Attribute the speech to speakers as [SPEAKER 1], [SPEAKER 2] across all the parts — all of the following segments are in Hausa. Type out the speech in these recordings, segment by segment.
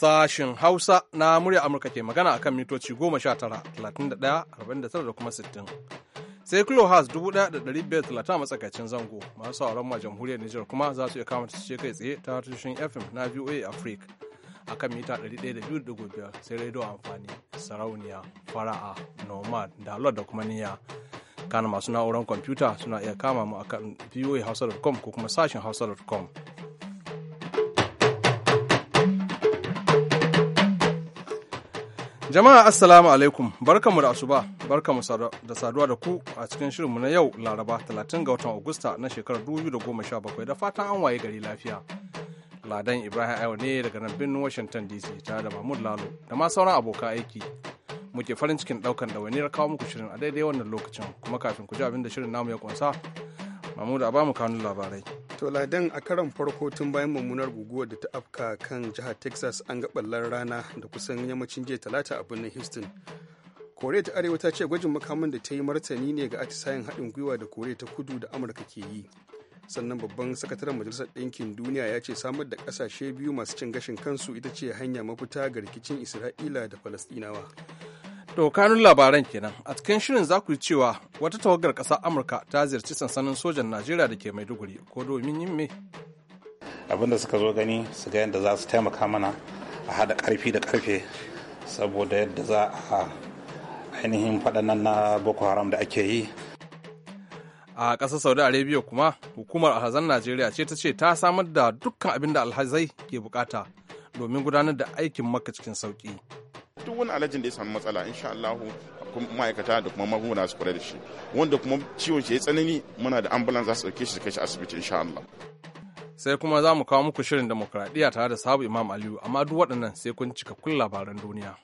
[SPEAKER 1] sashen Hausa na murya Amurka ke magana akan mitoci 19, da kuma 60. Sai Clohas 1,530 a matsakaicin zango masu sauran ma jamhuriyar Nijar kuma za su iya kama ce kai tsaye ta tushen FM na VOA Africa a kan mita 102.5 sai rediyo amfani sarauniya fara'a nomad da da kuma niyya kana masu na'urar kwamfuta suna iya kama mu akan voahausa.com ko kuma sashen hausa.com Jama'a Assalamu alaikum mu da asuba barka barkamu da saduwa da ku a cikin shirinmu na yau Laraba 30 ga watan Agusta na shekarar 2017 da fatan an waye gari lafiya. Ladan Ibrahim Ayo ne daga nan birnin Washington DC tare da Mahmud Lalo da ma sauran abokan aiki. Muke farin cikin daukan da wani kawo muku shirin a daidai wannan lokacin kuma kafin ku ji abin da shirin namu ya kunsa. Mahmud a bamu kanun labarai.
[SPEAKER 2] to ladan a karan farko tun bayan
[SPEAKER 1] mummunar guguwar da ta afka kan jihar texas an
[SPEAKER 2] ga ballar rana da kusan yammacin jiya talata a birnin houston koriya ta arewa ta ce gwajin makaman da ta yi martani ne ga atisayen haɗin gwiwa da koriya ta kudu da amurka ke yi sannan babban sakataren majalisar ɗinkin duniya ya ce samar da ƙasashe biyu masu cin gashin kansu ita ce hanya mafita ga rikicin isra'ila da
[SPEAKER 1] falasɗinawa To kanun labaran kenan a cikin shirin za ku yi cewa wata tawagar ƙasa Amurka ta ziyarci sansanin sojan Najeriya da ke Maiduguri ko domin yin me?
[SPEAKER 2] Abinda suka zo gani su ga yadda za su taimaka mana a haɗa ƙarfi da ƙarfe saboda yadda za a ainihin faɗannan na Boko Haram da ake yi.
[SPEAKER 1] A ƙasar Saudi Arabia kuma hukumar alhazan Najeriya ce ta ce ta samar da dukkan abin da alhazai ke bukata domin gudanar da aikin maka cikin sauƙi.
[SPEAKER 3] duk
[SPEAKER 4] wani alajin da ya samu matsala insha Allah ma'aikata da kuma mahuna su kula da shi wanda kuma ciwon shi ya tsanani muna da ambulance za su dauke shi su kai shi asibiti insha Allah
[SPEAKER 1] sai kuma za mu kawo muku shirin demokradiyya tare da sabu Imam Aliyu amma duk waɗannan sai kun cika kun labaran duniya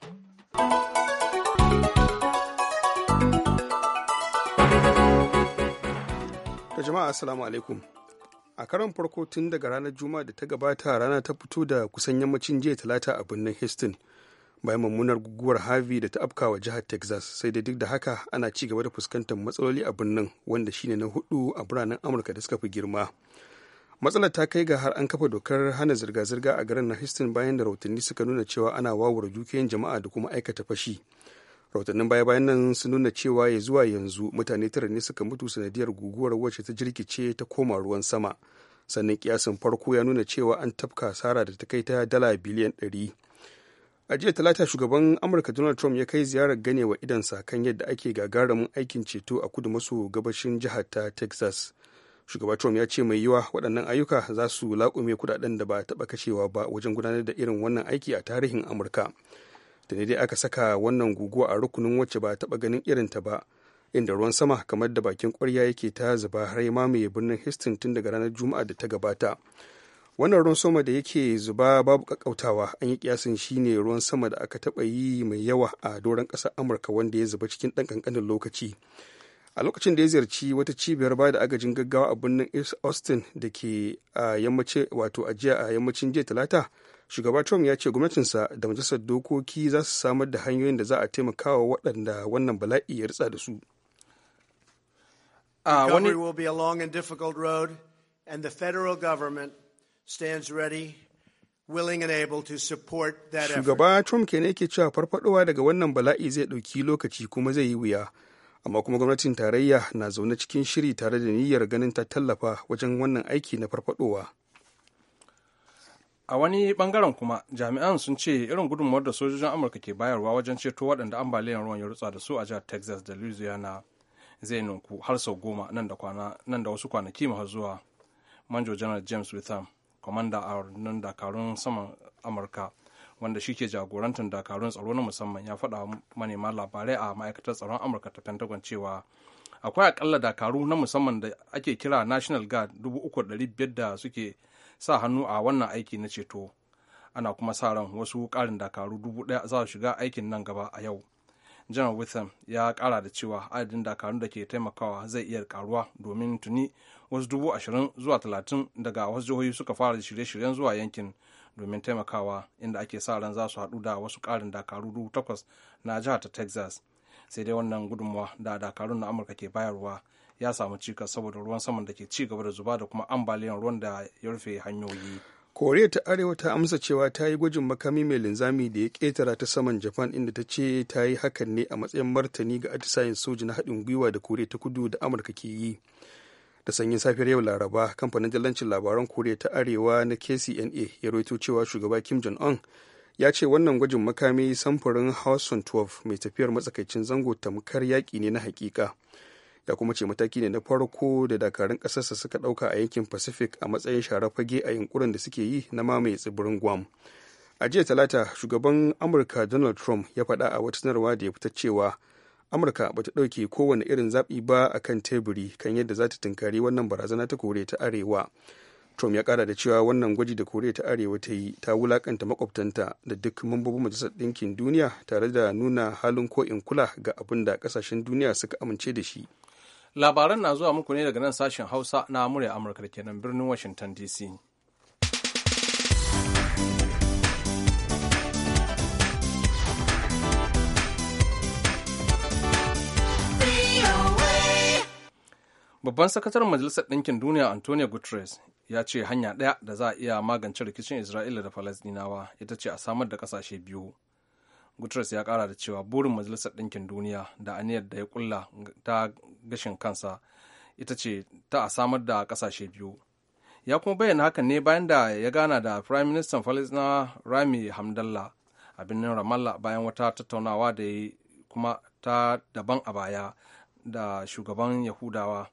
[SPEAKER 2] ta jama'a assalamu alaikum a karon farko tun daga ranar juma'a da ta gabata rana ta fito da kusan yammacin jiya talata a birnin Hastings. bayan mummunar guguwar harvey da ta afka wa jihar texas sai dai duk da haka ana ci gaba da fuskantar matsaloli a birnin wanda shine na hudu a biranen amurka da suka fi girma matsalar ta kai ga har an kafa dokar hana zirga-zirga a garin na houston bayan da rahotanni suka nuna cewa ana wawura dukiyoyin jama'a da kuma aikata fashi rahotannin baya-bayan nan sun nuna cewa ya zuwa yanzu mutane tara ne suka mutu sanadiyar guguwar wacce ta jirkice ta koma ruwan sama sannan kiyasin farko ya nuna cewa an tafka asara da ta kai ta dala biliyan 100 a jiya talata shugaban amurka donald trump ya kai ziyarar ganewa idansa kan yadda ake gagarumin aikin ceto a kudu maso gabashin jihar ta texas shugaba trump ya ce mai yiwa waɗannan ayyuka za su laƙume kudaden da ba taɓa kashewa ba wajen gudanar da irin wannan aiki a tarihin amurka da ne dai aka saka wannan guguwa a rukunin wacce ba taɓa ganin irin ta ba inda ruwan sama kamar da bakin kwarya yake ta zuba har ya mamaye birnin houston tun daga ranar juma'a da ta gabata wannan ruwan sama da yake zuba babu kakkautawa an yi kiyasin shine ruwan sama da aka taba yi mai yawa a doron ƙasar amurka wanda ya zuba cikin ɗan ƙanƙanin lokaci a lokacin da ya ziyarci wata cibiyar bada agajin gaggawa a birnin austin da ke a yammacin wato a a yammacin jiya talata shugaba trump ya ce gwamnatinsa da majalisar dokoki za su samar da hanyoyin da za a taimaka wa waɗanda wannan bala'i ya ritsa da su
[SPEAKER 5] a wani will be a long and difficult road and the federal government Shugaba
[SPEAKER 2] Trump ke ne yake cewa farfadowa daga wannan bala'i zai ɗauki lokaci kuma zai yi wuya. Amma kuma gwamnatin tarayya na zaune cikin shiri tare da niyyar ganin ta tallafa wajen wannan aiki na farfadowa.
[SPEAKER 1] A wani bangaren kuma jami'an sun ce irin gudunmawar da sojojin Amurka ke bayarwa wajen ceto waɗanda ambaliyar ruwan ya rutsa da su a jihar Texas da Louisiana zai ninku har sau goma nan da wasu kwanaki masu zuwa. Manjo Janar James Witham kwamanda a rundunar dakarun saman amurka wanda shi ke jagorantar dakarun tsaro na musamman ya faɗa manema labarai a ma'aikatar tsaron amurka ta pentagon cewa akwai akalla dakaru na musamman da ake kira national guard 3,500 da suke sa hannu a wannan aiki na ceto ana kuma sa ran wasu ƙarin dakaru 1,000 za su shiga aikin nan gaba a yau janar witham ya kara da cewa adadin dakarun da ke taimakawa zai iya karuwa domin tuni wasu dubu ashirin zuwa talatin daga wasu jihohi suka fara shirye-shiryen zuwa yankin domin taimakawa inda ake sa ran za su haɗu da wasu karin dakaru dubu takwas na jihar ta texas sai dai wannan gudunmawa da dakarun na amurka ke bayarwa ya samu cikas saboda ruwan saman da ke ci gaba da zuba da kuma ambaliyar ruwan da ya rufe hanyoyi
[SPEAKER 2] koriya ta arewa ta amsa cewa ta yi gwajin makami mai linzami da ya ƙetara ta saman japan inda ta ce ta yi hakan ne a matsayin martani ga atisayen soji na haɗin gwiwa da koriya ta kudu da amurka ke yi da sanyin safiyar yau laraba kamfanin jallancin labaran koriya ta arewa na kcna ya rawaito cewa shugaba kim jong un ya ce wannan gwajin makami samfurin hawson 12 mai tafiyar matsakaicin zango tamkar yaƙi ne na hakika da kuma ce mataki ne na farko da dakarun ƙasarsa suka ɗauka a yankin pacific a matsayin shara fage a yankuran da suke yi na mamaye tsibirin guam a jiya talata shugaban amurka donald trump ya faɗa a wata sanarwa da ya fita cewa amurka bata ɗauke kowane irin zaɓi ba a kan teburi kan yadda za ta tunkari wannan barazana ta koriya ta arewa trump ya kara da cewa wannan gwaji da koriya ta arewa ta yi ta wulakanta makwabtanta da duk mambobin majalisar ɗinkin duniya tare da nuna halin ko'in kula ga abin da ƙasashen duniya suka amince da shi
[SPEAKER 1] labaran na zuwa muku ne daga nan sashen hausa na murya amurka da kenan birnin washington dc Babban sakataren Majalisar Ɗinkin Duniya Antonio Guterres ya ce hanya ɗaya da za a iya magance rikicin Isra'ila da Falasɗinawa ita ce a samar da ƙasashe biyu. guterres ya kara da cewa burin majalisar ɗinkin duniya da aniyar da ya kulla ta gashin kansa ita ce ta a samar da kasashe biyu ya kuma bayyana hakan ne bayan da ya gana da prime minister falisna rami hamdalla a birnin ramallah bayan wata tattaunawa da ya kuma ta daban a baya da shugaban yahudawa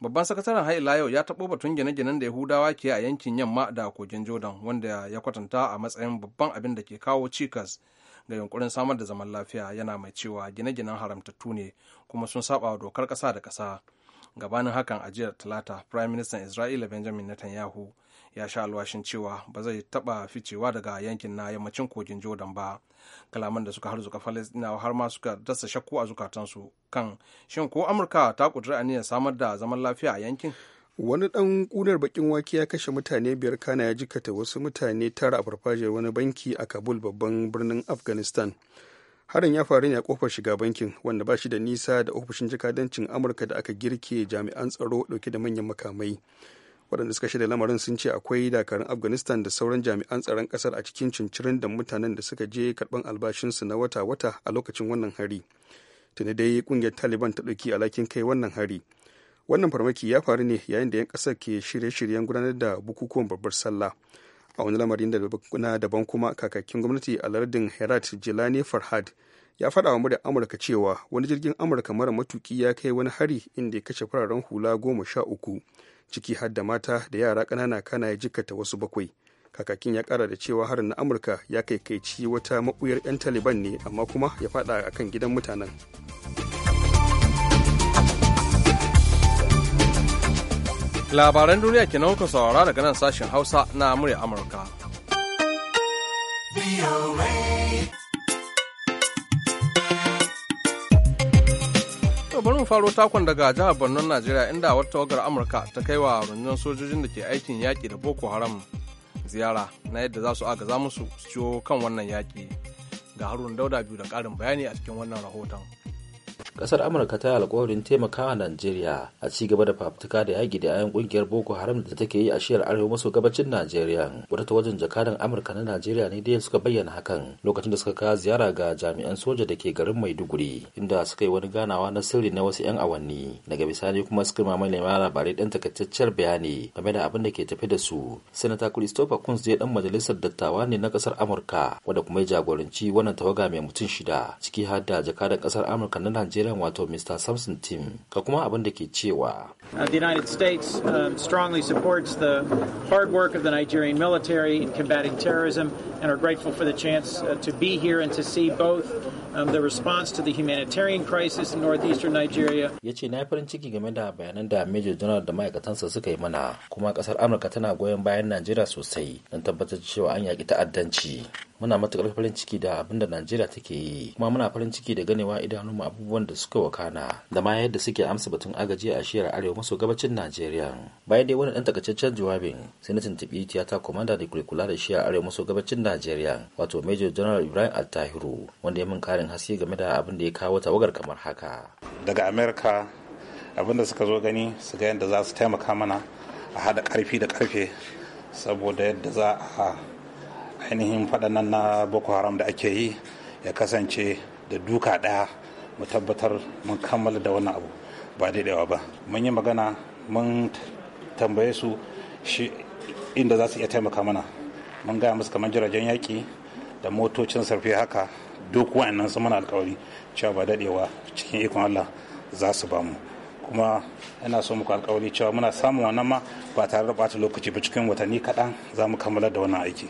[SPEAKER 1] babban sakataren haila yau ya taɓo batun gine-ginen da yahudawa ke a yankin yamma da kogin jordan wanda ya kwatanta a matsayin babban abin da ke kawo cikas ga yunkurin samar da zaman lafiya yana mai cewa gine-ginen haramtattu ne kuma sun saba dokar ƙasa da ƙasa gabanin hakan a jiya talata prime minister isra'ila benjamin netanyahu ya sha alwashin cewa ba zai taba ficewa daga yankin na yammacin kogin jordan ba kalaman da suka harzuka falastinawa har ma suka dasa shakku a zukatansu kan shin ko amurka ta kudura aniyar samar da zaman lafiya a yankin
[SPEAKER 2] wani dan kunar bakin wake ya kashe mutane biyar kana ya jikata wasu mutane tara a farfajiyar wani banki a kabul babban birnin afghanistan harin ya faru ne a kofar shiga bankin wanda ba shi da nisa da ofishin jikadancin amurka da aka girke jami'an tsaro dauke da manyan makamai waɗanda suka shaida lamarin sun ce akwai dakarun afghanistan da sauran jami'an tsaron kasar a cikin cincirin da mutanen da suka je karban albashinsu na wata-wata a lokacin wannan hari tuni dai ƙungiyar taliban ta ɗauki alakin kai wannan hari wannan farmaki ya faru ne yayin da 'yan ƙasar ke shirye-shiryen gudanar da bukukuwan babbar sallah a wani lamarin da na daban kuma kakakin gwamnati a lardin herat jelani farhad ya faɗa wa muryar amurka cewa wani jirgin amurka mara matuki ya kai wani hari inda ya kashe fararen hula goma sha uku ciki har da mata da yara kanana kana ya jikkata wasu bakwai kakakin ya kara da cewa harin na amurka ya ci wata maɓuyar 'yan taliban ne amma kuma
[SPEAKER 1] ya faɗa akan gidan mutanen Labaran duniya ke nan saurara daga nan sashen Hausa na murya Amurka. bari mu faro takon daga jihar Borno Najeriya inda wata tawagar Amurka ta kai wa rundunar sojojin da ke aikin yaƙi da Boko Haram ziyara na yadda za su agaza musu su ciwo kan wannan yaƙi. Ga harun Dauda biyu da ƙarin bayani a cikin wannan rahoton.
[SPEAKER 6] kasar amurka ta yi alkawarin taimakawa najeriya a ci gaba da fafutuka da yaki da yayan kungiyar boko haram da take yi a shiyar arewa maso gabacin najeriya Wata ta wajen jakadan amurka na najeriya ne dai suka bayyana hakan lokacin da suka kawo ziyara ga jami'an soja da ke garin maiduguri inda suka yi wani ganawa na sirri na wasu 'yan awanni daga bisani kuma suka mamaye lema labarai dan takaitaccen bayani game da abin da ke tafe da su sanata christopher kunz zai dan majalisar dattawa ne na kasar amurka wanda kuma ya jagoranci wannan tawaga mai mutum shida ciki har da jakadan kasar amurka na najeriya Iran wato Mr. Samson Tim ga kuma abin da ke cewa. Uh, the United States um, strongly supports the hard work of the Nigerian military in combating terrorism and are grateful for the chance uh, to be here and to see both um, the response to the humanitarian crisis in northeastern Nigeria. Ya ce na yi farin ciki game da bayanan da Major General da ma'aikatansa suka yi mana kuma kasar Amurka tana goyon bayan Najeriya sosai don tabbatar cewa an yaƙi ta'addanci. muna matukar farin ciki da abinda najeriya take yi kuma muna farin ciki da ganewa idanunmu abubuwan da suka wakana da ma yadda suke amsa batun agaji a shiyar arewa maso gabacin najeriya bayan dai wani dan takaitaccen jawabin sai na tuntubi tiyata komanda da kulikula kula da shiyar arewa maso gabacin najeriya wato major general ibrahim altahiru wanda ya min karin haske game da abin da ya kawo tawagar kamar haka
[SPEAKER 2] daga america abinda suka zo gani su ga yadda za su taimaka mana a hada karfi da karfe saboda yadda za a ainihin faɗannan na boko haram da ake yi ya kasance da duka ɗaya mu tabbatar mun kammala da wannan abu ba daidaiwa ba mun yi magana mun tambaye su shi inda za su iya taimaka mana mun gaya musu kamar jiragen yaƙi da motocin sarfi haka duk wa'annan su mana alkawari cewa ba daɗewa cikin ikon allah za su bamu kuma
[SPEAKER 6] ina so muku alkawari cewa muna samun wannan ma ba tare da bata lokaci ba cikin watanni kaɗan za mu kammala da wannan aiki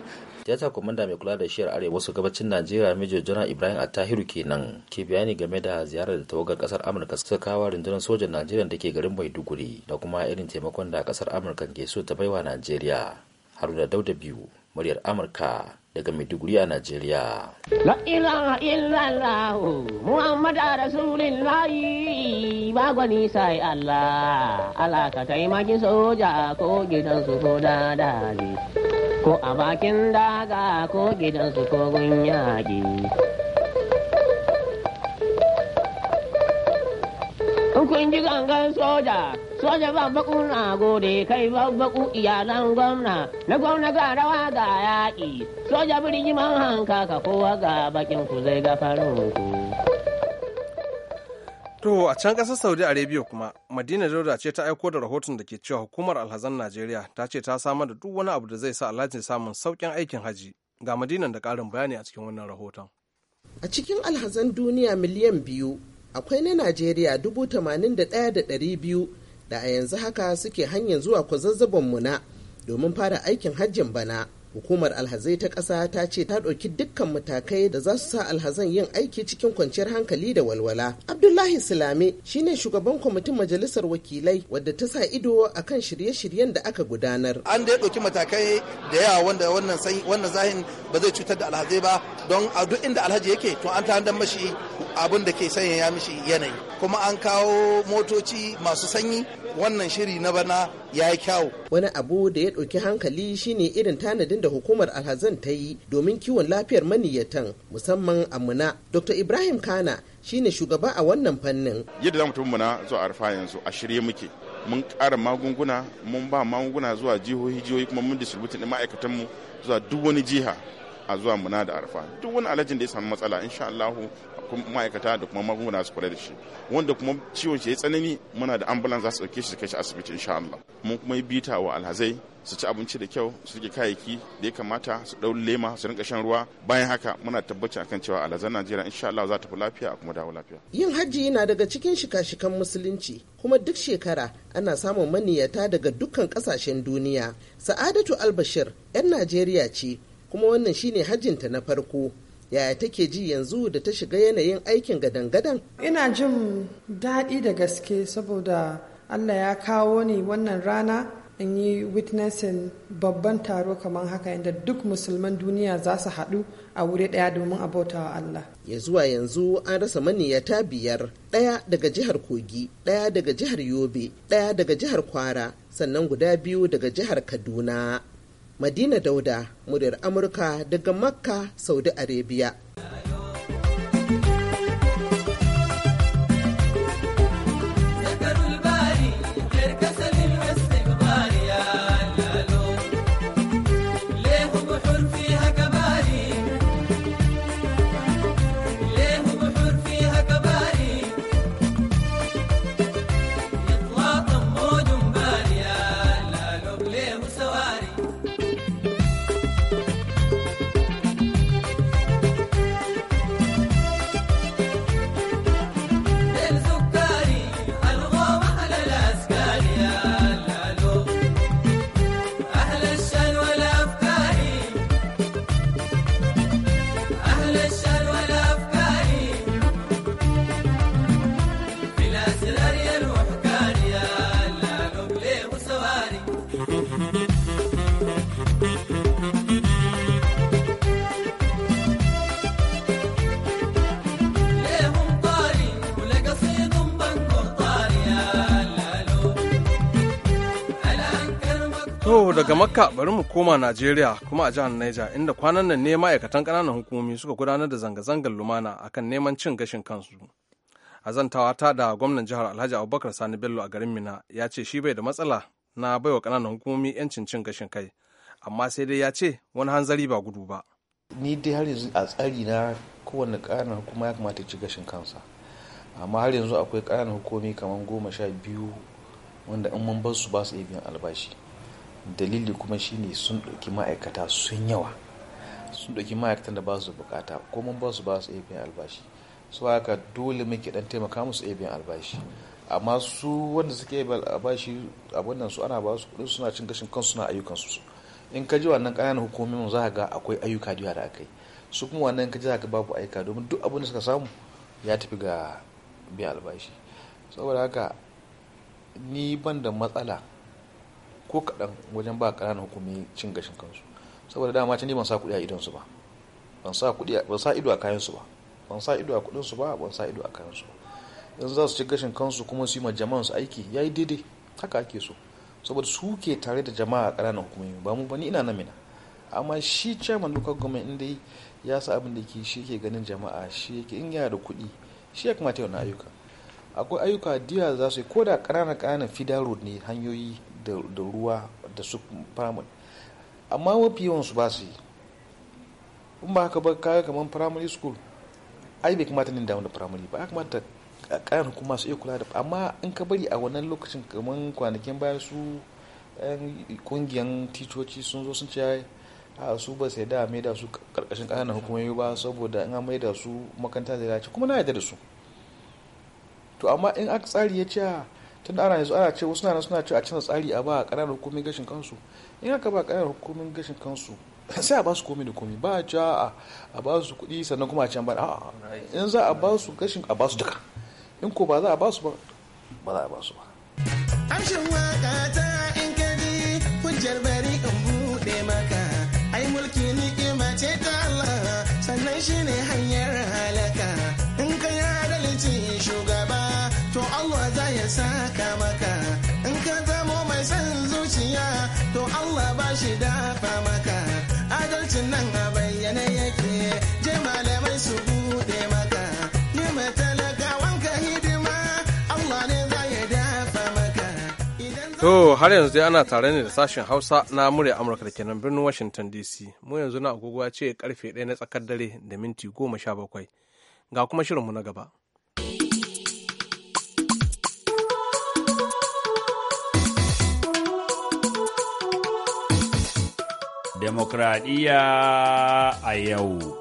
[SPEAKER 6] tiyata kwamanda mai kula da shiyar arewa su gabacin najeriya major general ibrahim attahiru kenan ke bayani game da ziyarar da tawagar kasar amurka su kawo rundunar sojan najeriya da ke garin maiduguri da kuma irin taimakon da kasar amurka ke so ta baiwa najeriya haruna dauda biyu muryar amurka daga Maiduguri a Najeriya.
[SPEAKER 5] La ilaha illallah Muhammad Rasulullah ba gwani sai Allah
[SPEAKER 2] Allah ka taimaki soja ko su ko dadali ko a bakin daga ko su ko gun yaƙi.
[SPEAKER 5] kun ji gangan soja soja ban baku na gode kai ban baku iyalan gwamna na gwamna ga rawa
[SPEAKER 2] ga yaƙi soja birni man hanka ka kowa ga bakin ku zai ga farin
[SPEAKER 1] ku To a can ƙasar Saudi Arabia kuma Madina Dauda ce ta aiko da rahoton da ke cewa hukumar alhazan Najeriya ta ce ta samar da duk wani abu da zai sa alhaji samun sauƙin aikin haji ga Madinan da ƙarin bayani a cikin wannan rahoton. A cikin alhazan
[SPEAKER 5] duniya miliyan biyu akwai na najeriya dubu tamanin da ɗaya da ɗari biyu da a yanzu haka suke hanyar zuwa kwazazzabon muna domin fara aikin hajjin bana hukumar alhazai ta ƙasa ta ce ta ɗauki dukkan matakai da za su sa alhazan yin aiki cikin kwanciyar hankali da walwala abdullahi silame shine shugaban kwamitin majalisar wakilai wadda ta sa ido akan shirye-shiryen da aka gudanar an da ya ɗauki matakai da yawa wanda wannan zahin ba zai cutar da alhazai ba don a duk inda alhaji yake to an ta mashi abin da ke sanya ya mishi yanayi kuma an kawo motoci masu sanyi wannan shiri na bana ya yi kyau. Wani abu da ya ɗauki hankali shine irin tanadin da hukumar alhazan ta yi domin kiwon lafiyar maniyyatan musamman a Muna. Dr. Ibrahim Kana shine shugaba a wannan fannin.
[SPEAKER 4] Yadda za mu tafi Muna zuwa arfa yanzu a shirye muke. Mun ƙara magunguna, mun ba magunguna zuwa jihohi jihohi kuma mun distributin ma'aikatanmu zuwa duk wani jiha a zuwa Muna da arfa. Duk wani alajin da ya samu matsala insha Allahu ma'aikata da kuma magunguna su kula da shi wanda kuma ciwon shi ya tsanani muna da ambulance za su ɗauke shi su kai shi asibiti insha Allah mun kuma yi bita wa alhazai su ci abinci da kyau su rike kayayyaki da ya kamata su ɗau lema su rinka shan ruwa bayan haka muna tabbacin akan cewa alhazan Najeriya insha Allah za ta fi lafiya kuma dawo lafiya
[SPEAKER 5] yin hajji yana daga cikin shika-shikan musulunci kuma duk shekara ana samun maniyata daga dukkan kasashen duniya sa'adatu albashir 'yan Najeriya ce kuma wannan shine hajjinta na farko yaya take ji yanzu da ta shiga yanayin aikin gadan-gadan ina jin daɗi da gaske saboda allah ya kawo ni wannan rana in yi witnessing babban taro kamar haka inda duk musulman duniya za su haɗu a wuri ɗaya domin abota wa Allah. Ya zuwa yanzu an rasa maniyata biyar ɗaya daga jihar Kogi, ɗaya daga jihar Yobe, ɗaya daga jihar Kwara, sannan guda biyu daga jihar Kaduna. Madina Dauda, muryar Amurka daga Makka, Saudi Arabia.
[SPEAKER 1] daga makka bari mu koma najeriya kuma a jihar niger inda kwanan nan ne ma'aikatan kananan hukumomi suka gudanar da zanga-zangar lumana akan neman cin gashin kansu a zantawa ta da gwamnan jihar alhaji abubakar sani bello a garin mina ya ce shi bai da matsala na baiwa kananan hukumomi 'yancin cin gashin kai amma sai dai ya ce wani hanzari ba gudu ba
[SPEAKER 4] ni dai har yanzu a tsari na kowane ƙananan hukuma ya kamata ci gashin kansa amma har yanzu akwai ƙananan hukumomi kamar goma sha biyu wanda in mun bar su ba su iya biyan albashi dalili kuma shine sun ɗauki ma'aikata sun yawa sun ɗauki ma'aikatan da ba su bukata ko mun ba su ba su iya albashi su haka dole muke dan taimaka musu iya biyan albashi amma su wanda suke biyan albashi abin su ana ba su kuɗin suna cin gashin kansu suna ayyukan su in ka ji wannan ƙananan hukumomin za ga akwai ayyuka da da aka yi su kuma wannan in ka ji za babu ayyuka domin duk abin da suka samu ya tafi ga biyan albashi saboda haka ni ban da matsala ko kaɗan wajen ba ƙananan hukumi cin gashin kansu saboda dama can ban sa kuɗi a idonsu ba ban sa kuɗi ban sa ido a kayansu ba ban sa ido a kuɗinsu ba ban sa ido a kayansu ba in za su ci gashin kansu kuma su yi ma jama'a su aiki ya yi daidai haka ake so saboda su ke tare da jama'a a ƙananan hukumomi ba mu ba ni ina na mina amma shi chairman local government inda ya sa abin da ke shi ke ganin jama'a shi ke in yana da kuɗi shi ya kamata na ayyuka akwai ayyuka diya za su yi ko da ƙananan ƙananan fida road ne hanyoyi da ruwa da su firamare amma mafi yawansu ba su yi in ba haka ba kaga kamar firamare school ai bai kamata nin damu da firamare ba a kamata a kayan kuma su iya kula da amma in ka bari a wannan lokacin kamar kwanakin bayan su kungiyan titoci sun zo sun ce a su ba sai da maida su karkashin kananan hukumomi ba saboda in an maida su makaranta zai dace kuma na yarda da su to amma in aka tsari ya ce tunda ana yanzu ana ce wasu na suna ce a canza tsari a ba a ƙananan hukumin gashin kansu in aka ba ƙananan hukumin gashin kansu sai a ba su komi da komi ba ja a ba su kuɗi sannan kuma a can ba in za a ba su gashin a ba su duka in ko ba za a ba su ba ba za a ba su ba
[SPEAKER 5] amshin ta in hujjar bai
[SPEAKER 1] To har yanzu dai ana tare ne da sashen Hausa na murya Amurka da kenan birnin Washington DC. Mu yanzu na agogo ce karfe ɗaya na tsakar dare da minti goma sha bakwai. Ga kuma shirinmu na
[SPEAKER 7] gaba. Demokradiyya a yau.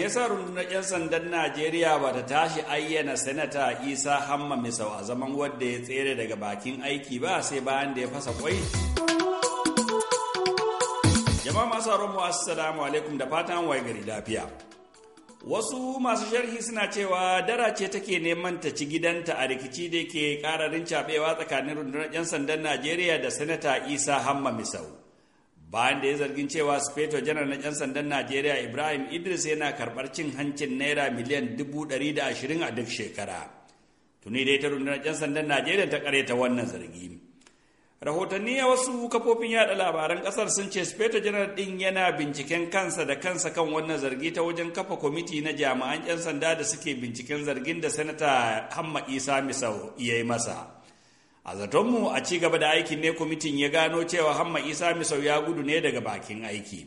[SPEAKER 7] me yasa rundunar 'yan sandan najeriya ba ta tashi ayyana sanata isa hamma misau a zaman wadda ya tsere daga bakin aiki ba sai bayan da ya fasa kwai jama'a masu mu assalamu alaikum da fatan wai gari lafiya wasu masu sharhi suna cewa dara ce take neman ta ci gidanta a rikici da ke kararin cabewa tsakanin rundunar 'yan sandan najeriya da sanata isa hamma misau bayan da ya zargin cewa speto janar na 'yan sandan najeriya ibrahim idris yana karbar cin hancin naira miliyan 120 a duk shekara tuni dai ta rundunar 'yan sandan najeriya ta ta wannan zargi rahotanni a wasu kafofin yada labaran kasar sun ce speto janar din yana binciken kansa da kansa kan wannan zargi ta wajen kafa kwamiti na jami'an 'yan sanda da suke binciken zargin da sanata hamma isa misau iya yi masa a zatonmu a ci gaba da aikin ne kwamitin ya gano cewa hamma isa misau ya gudu ne daga bakin aiki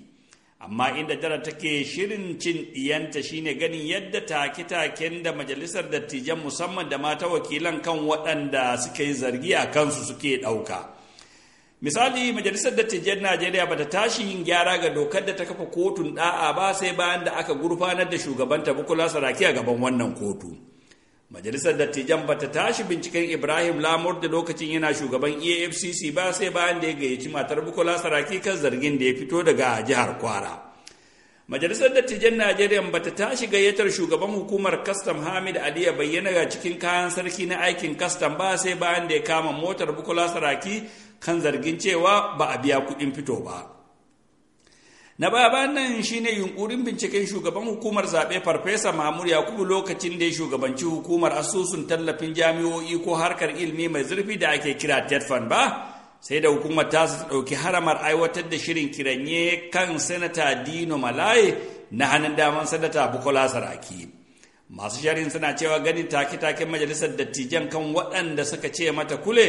[SPEAKER 7] amma inda jara take shirin cin ɗiyanta shine ganin yadda take-taken da majalisar dattijan musamman da mata wakilan kan waɗanda suka yi zargi a kansu suke ɗauka misali majalisar dattijan najeriya bata tashi yin gyara ga dokar da ta kafa kotun ɗa'a ba sai bayan da aka gurfanar da shugabanta bukula saraki a gaban wannan kotu majalisar dattijan ba ta tashi binciken ibrahim lamur da lokacin yana shugaban efcc ba sai bayan da ya gayyaci matar bukola saraki kan zargin da ya fito daga jihar kwara majalisar dattijan najeriya ba ta tashi gayyatar shugaban hukumar kastam hamid ali ya bayyana ga cikin kayan sarki na aikin kastam ba sai bayan da ya kama motar bukola saraki kan zargin cewa ba a biya kuɗin fito ba na baya nan shine yunkurin binciken shugaban hukumar zaɓe farfesa mahmud yakubu lokacin da ya shugabanci hukumar asusun tallafin jami'o'i ko harkar ilimi mai zurfi da ake kira tetfan ba sai da hukumar ta ɗauki haramar aiwatar da shirin kiranye kan sanata dino malaye na hannun daman sanata bukola saraki masu sharin suna cewa ganin take-taken majalisar dattijan kan waɗanda suka ce mata kule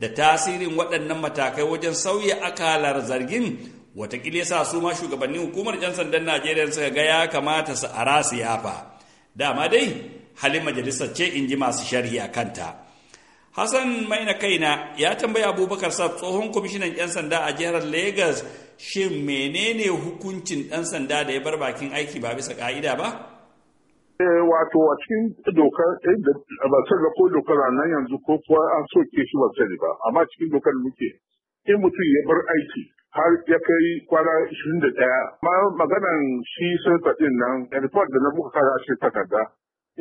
[SPEAKER 7] da tasirin waɗannan matakai wajen sauya akalar zargin watakila yasa su ma shugabannin hukumar 'yan sandan najeriya suka ga ya kamata su ara su yafa dama dai halin majalisar ce in ji masu sharhi a kanta hassan maina kaina ya tambaya abubakar sa tsohon kwamishinan 'yan sanda a jihar lagos shin menene hukuncin ɗan sanda da ya bar bakin aiki ba bisa ka'ida ba
[SPEAKER 3] eh, wato a cikin dokar eh, ba san ko dokar nan yanzu ko kuwa an soke shi ba sani ba amma cikin dokar muke in mutum ya bar aiki har ya kai kwana 21 ma maganan shi sun faɗin nan report da na muka kara shi takarda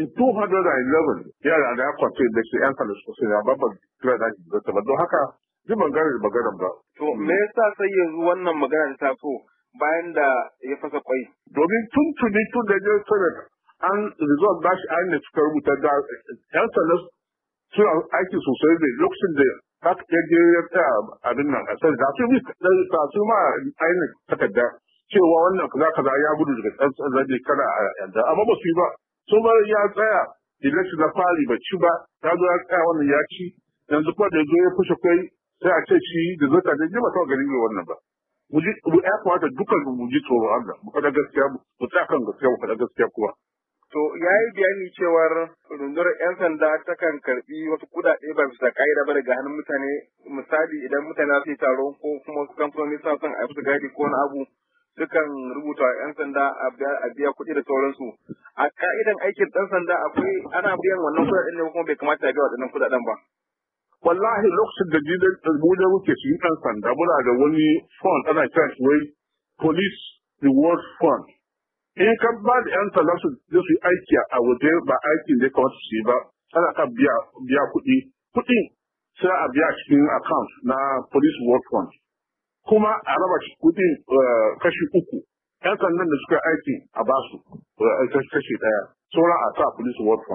[SPEAKER 3] in 211 yara da ya kwace da shi yan falasku sai ya babban kira da shi ba don haka zai magana da maganan ba.
[SPEAKER 8] To me yasa sai yanzu wannan magana ta so bayan da ya fasa kwai? Domin tun tuni tun da ya sanar an result bashi, an ne suka rubuta
[SPEAKER 3] da eh, eh, yan sanar suna aiki sosai da lokacin da za ka iya ya tsaya abin nan a sai su bi su ma ainihin takarda cewa wannan kaza kaza ya gudu daga tsantsan zabe kana a yanda amma ba su yi ba su ma ya tsaya idan shi na fari ba ci ba ya zo ya tsaya wannan ya ci yanzu kuma da ya fushe kai sai a ce shi da zo ta je ba ta gani ne wannan ba mu ya kamata dukkan mu ji tsoro Allah mu kada gaskiya mu tsaya kan gaskiya mu kada gaskiya kuwa
[SPEAKER 8] To ya yi bayani cewar rundunar 'yan sanda ta kan karbi wasu kudade ba bisa ka'ida ba daga hannun mutane misali idan mutane za su yi taro ko kuma kamfanoni suna son a su gadi ko wani abu sukan rubuta 'yan sanda a biya kuɗi da sauransu. A ka'idan aikin ɗan sanda akwai ana biyan wannan kudaden ne kuma bai kamata ya biya waɗannan kudaden ba.
[SPEAKER 3] Wallahi lokacin da wajen muke shi ɗan sanda muna da wani fund ana kiran shi wai police reward fund. in ka ba da yan sanda su yi aiki a waje ba aikin da ya su ba ana aka biya biya kuɗi kuɗin sai a biya account na police work kuma a raba eh, kashi uku yan sandan da aiki a ba su eh, kashi ɗaya sauran a sa police work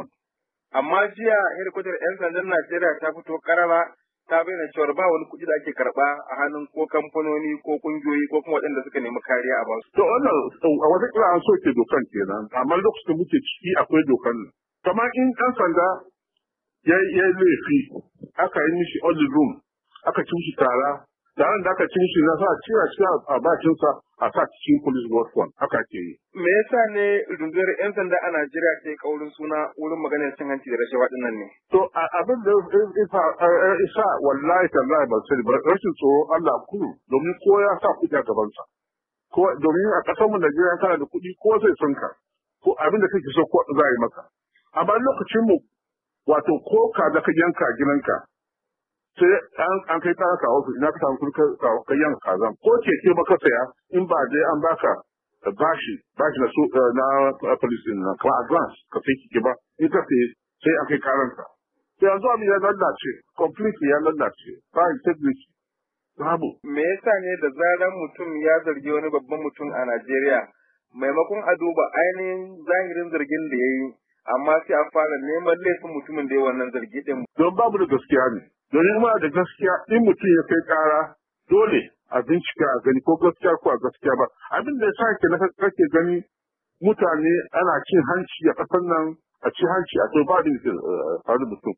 [SPEAKER 8] amma jiya hedikwatar yan sandan najeriya ta fito ba. ta bayyana cewar ba wani kuɗi da ake karɓa a hannun ko kamfanoni ko ƙungiyoyi ko kuma waɗanda suka nemi kariya a basu. To wannan
[SPEAKER 3] a wata kira an soke dokan kenan amma lokacin muke ciki akwai dokan nan. Kamar in ɗan sanda ya yi laifi aka yi mishi all room aka ci tara da da aka ci mishi na sa cira cira a bakinsa a sa cikin police war haka ke yi.
[SPEAKER 8] Me yasa ne rundunar 'yan sanda a Najeriya ta yi kaurin suna wurin maganar cin hanci da rashawa dinnan ne?
[SPEAKER 3] To abin da isa wallahi tallahi ban sani ba rashin tsoro Allah kudu domin ko ya sa kuɗi a gabansa. Ko domin a ƙasarmu Najeriya tana da kuɗi ko sai sun ka. Ko abin da kake so ko za a yi maka. Amma lokacin mu wato ko ka da ka yanka gidanka sai an kai tara kawo su ina ka samu kawo kai yan kazan ko ke, ba ka saya in ba dai an baka eh, bashi bashi na su eh, na police na kuma advance ka sai kike ba in ka sai
[SPEAKER 8] sai an kai karanta sai yanzu abin ya lallace complete ya lallace ba integrity babu me yasa ne da zaran mutum ya zargi wani babban mutum a Najeriya maimakon a duba ainihin zahirin zargin da ya yi amma sai an fara neman laifin mutumin da ya wannan zargi din don babu da gaskiya ne domin ma da gaskiya
[SPEAKER 3] in mutum ya kai kara dole a bincika a gani ko gaskiya ko a gaskiya ba abin da ya sa ke na kake gani mutane ana cin hanci a ƙasar nan a ci hanci a to ba da eh, faru mutum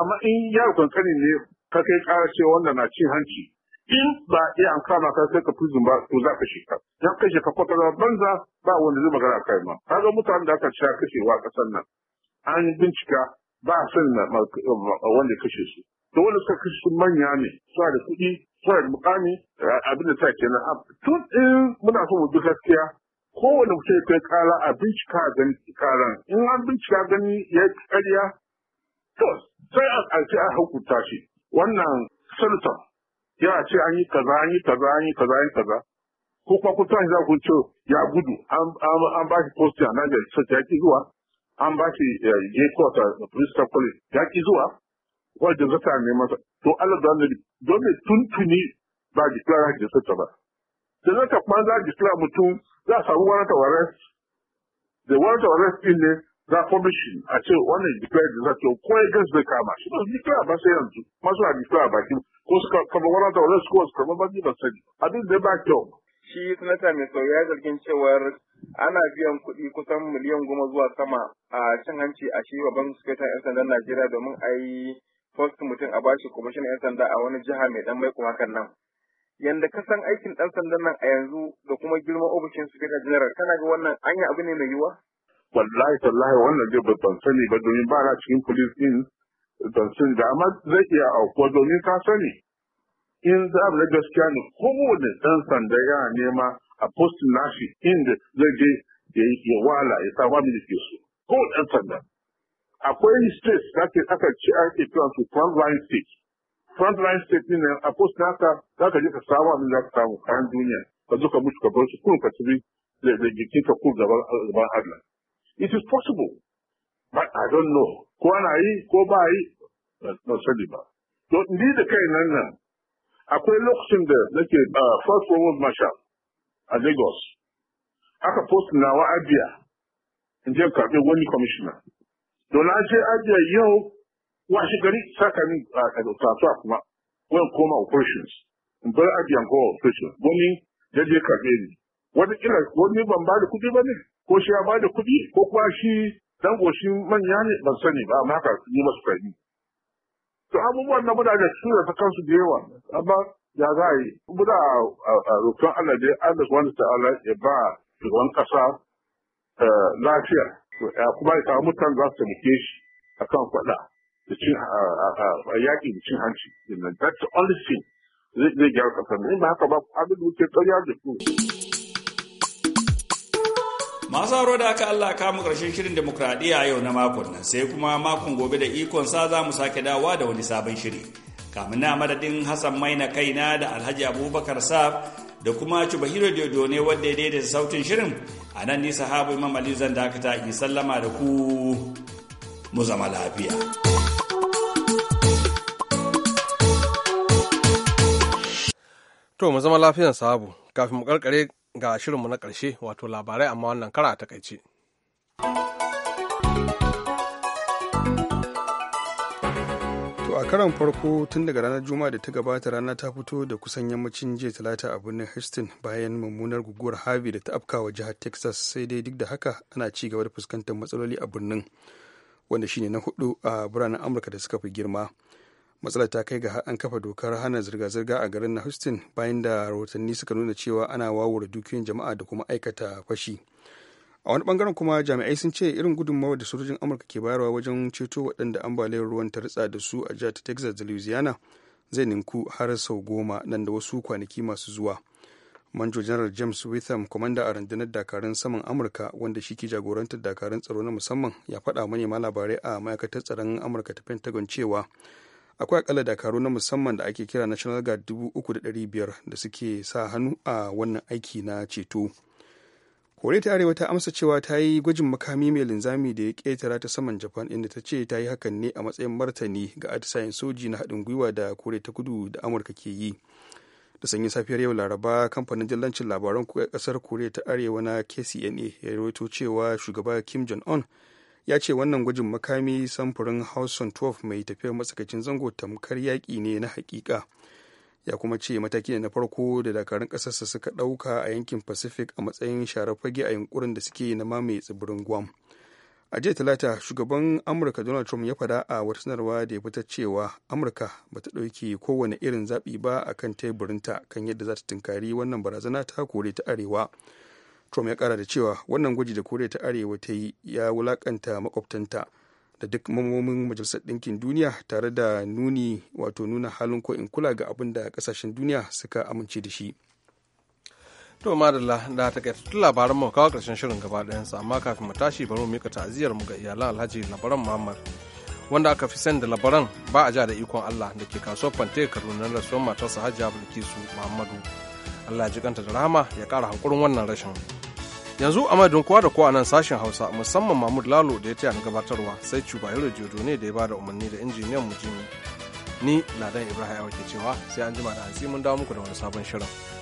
[SPEAKER 3] amma in ya kankani ne ka kai kara ce wannan na cin hanci in ba iya an kama ka sai ka fi ba to za ka shika ya kashe ka kwata banza ba wanda zai magana kai ma ga mutane da aka sha kashewa ƙasar nan an bincika ba a san wanda kashe su to wanda suka kashe sun manya ne suna da kuɗi suna da mukami abin da sa kenan tun in muna so mu bi gaskiya kowane mutum ya kai kala a bincika a gani karan in an bincika gani ya karya to sai a ƙarshe a hukunta shi wannan sultan ya ce an yi kaza an yi kaza an yi kaza an yi kaza ko kuma kun tashi za ku ce ya gudu an ba shi posti a najeriya sai ya ki zuwa an ba shi je kota a Bristol College ya ki zuwa wajen zata ne masa to Allah da annabi don me tuntuni ba declare da sata ba da zata kuma za declare mutum za a samu wani of da wani of arrest din ne za commission a ce wannan declare da zata ko ya gas da kama shi ba declare ba sai yanzu masu a declare ba ki ko suka kama wani of su ko suka kama ba ji ba sani abin da ba kyau
[SPEAKER 8] shi sanata mai sau ya zargin cewar ana biyan kuɗi kusan miliyan goma zuwa sama a cin hanci a shi babban sukaitan 'yan sandan Najeriya domin a yi first mutum a bashi kwamishin 'yan sanda a wani jiha mai dan maiko hakan nan yanda ka san aikin dan sandan nan a yanzu da kuma girman ofishin sufeta general kana ga wannan anya abu ne mai yiwuwa
[SPEAKER 3] wallahi tallahi wannan zai ban sani ba domin ba na cikin police din ban sani da amma zai iya aukuwa domin ka sani in za mu na gaskiya ne wani dan sanda yana nema a postin nashi inda zai je ya wala ya sa wani da ke so ko dan sanda akwai state da ke aka ci ake kiran su frontline state frontline state ne a post na naka za ka je ka samu abin da ka samu kayan duniya ka zo ka mutu ka bar su kun ka tabi da jikin ka kur gaban gaban Allah it is possible but I don't know ko ana yi ko ba yi na sani ba to ni da kai nan nan akwai lokacin da nake ah, first world marshal a Lagos aka post nawa abiya in je karɓi wani commissioner to na ce ajiye yau washe gari saka min kasuwa kuma wani koma operations in bar ajiyan kowa operations wani jaje kaɗe ni wani kira wani ban ba da kuɗi ba ne ko shi ya ba da kuɗi ko kuwa shi dan goshi manya ne ban sani ba amma haka yi masu su fahimi to abubuwan na muna da su ta kansu da yawa amma ya za a yi muna roƙon Allah dai Allah subhanahu ta'ala ya ba shugaban ƙasa eh, lafiya Eh, kuma ya samu mutan za su taimake shi a kan faɗa da cin yaƙi da cin hanci that's the only thing zai zai ƙasar. kasar in ba haka ba abin da wuce tsariya da su.
[SPEAKER 7] Masu haro da aka Allah kamu ƙarshen shirin demokradiyya yau na makon nan sai kuma makon gobe da ikon sa za mu sake dawa da wani sabon shiri. Kamin na madadin Hassan Maina kaina da Alhaji Abubakar Saf da kuma Chubahiro Dodo ne wanda ya daidaita sautin shirin a nan ni sahabu imam ali zan dakata in sallama da ku mu zama lafiya
[SPEAKER 1] to mu zama lafiyan sahabu kafin mu karkare ga shirinmu na karshe wato labarai amma wannan kara a takaice.
[SPEAKER 2] karon farko tun daga ranar juma'a da ta gabata rana ta fito da kusan yammacin jiya talata a birnin houston bayan mummunar guguwar harvey da ta afkawa jihar texas sai dai duk da haka ana ci gaba da fuskantar matsaloli a birnin wanda shine na hudu a biranen amurka da suka fi girma matsalar ta kai ga an kafa dokar hana zirga-zirga a garin na houston bayan da rahotanni suka nuna cewa ana wawura dukiyoyin jama'a da kuma aikata fashi a wani bangaren kuma jami'ai sun ce irin gudunmawar da sojojin amurka ke bayarwa wajen ceto waɗanda ambaliyar ruwan ta ritsa da su a jihar texas da louisiana zai ninku har sau goma nan da wasu kwanaki masu zuwa manjo janar james witham kwamanda a rundunar dakarun saman amurka wanda shi ke jagorantar dakarun tsaro na musamman ya faɗa manema labarai a ma'aikatar tsaron amurka ta pentagon cewa akwai akalla dakaru na musamman da ake kira national guard 3,500 da suke sa hannu a wannan aiki na ceto kore ta arewa ta amsa cewa ta yi gwajin makami mai linzami da ya ƙetara ta saman japan inda ta ce ta yi hakan ne a matsayin martani ga atisayen soji na haɗin gwiwa da kore ta kudu da amurka ke yi da sanyin safiyar yau laraba kamfanin jallancin labaran ƙasar kore ta arewa na kcna ya rawaito cewa shugaba kim jong un ya ce wannan gwajin makami samfurin hauson 12 mai tafiyar matsakaicin zango tamkar yaƙi ne na haƙiƙa. ya kuma ce mataki ne na farko da dakarun ƙasarsa suka ɗauka a yankin pacific a matsayin sharar fage a yunkurin da suke na mamaye tsibirin guam a jiya talata shugaban amurka donald trump ya fada a wata sanarwa da ya fita cewa amurka ba ta ɗauki kowane irin zaɓi ba a kan teburinta kan yadda za ta tunkari wannan barazana ta kore ta arewa trump ya kara da cewa wannan gwaji da kore ta arewa ta yi ya wulakanta makwabtanta da duk mamomin majalisar ɗinkin duniya tare da nuni wato nuna halin ko in kula ga abin da ƙasashen duniya suka amince da shi
[SPEAKER 1] to madalla da ta kaitattun labaran mu kawo ƙarshen shirin gaba ɗayansa amma kafin mu tashi bari mu yi ta'aziyar mu ga iyalan alhaji labaran muhammad wanda aka fi sani da labaran ba a ja da ikon allah da ke kasuwar fante kaduna rasuwar matarsa hajiya bilkisu muhammadu allah ji kanta da rahama ya kara haƙurin wannan rashin yanzu a madadin kowa da kowa nan sashen hausa musamman mahmud lalo da ya taya na gabatarwa sai cuba hiro jodo ne da ya ba da umarni da injiniyan mu jini ni ladan ibrahim ke cewa sai an jima da hantsi mun dawo muku da wani sabon shirin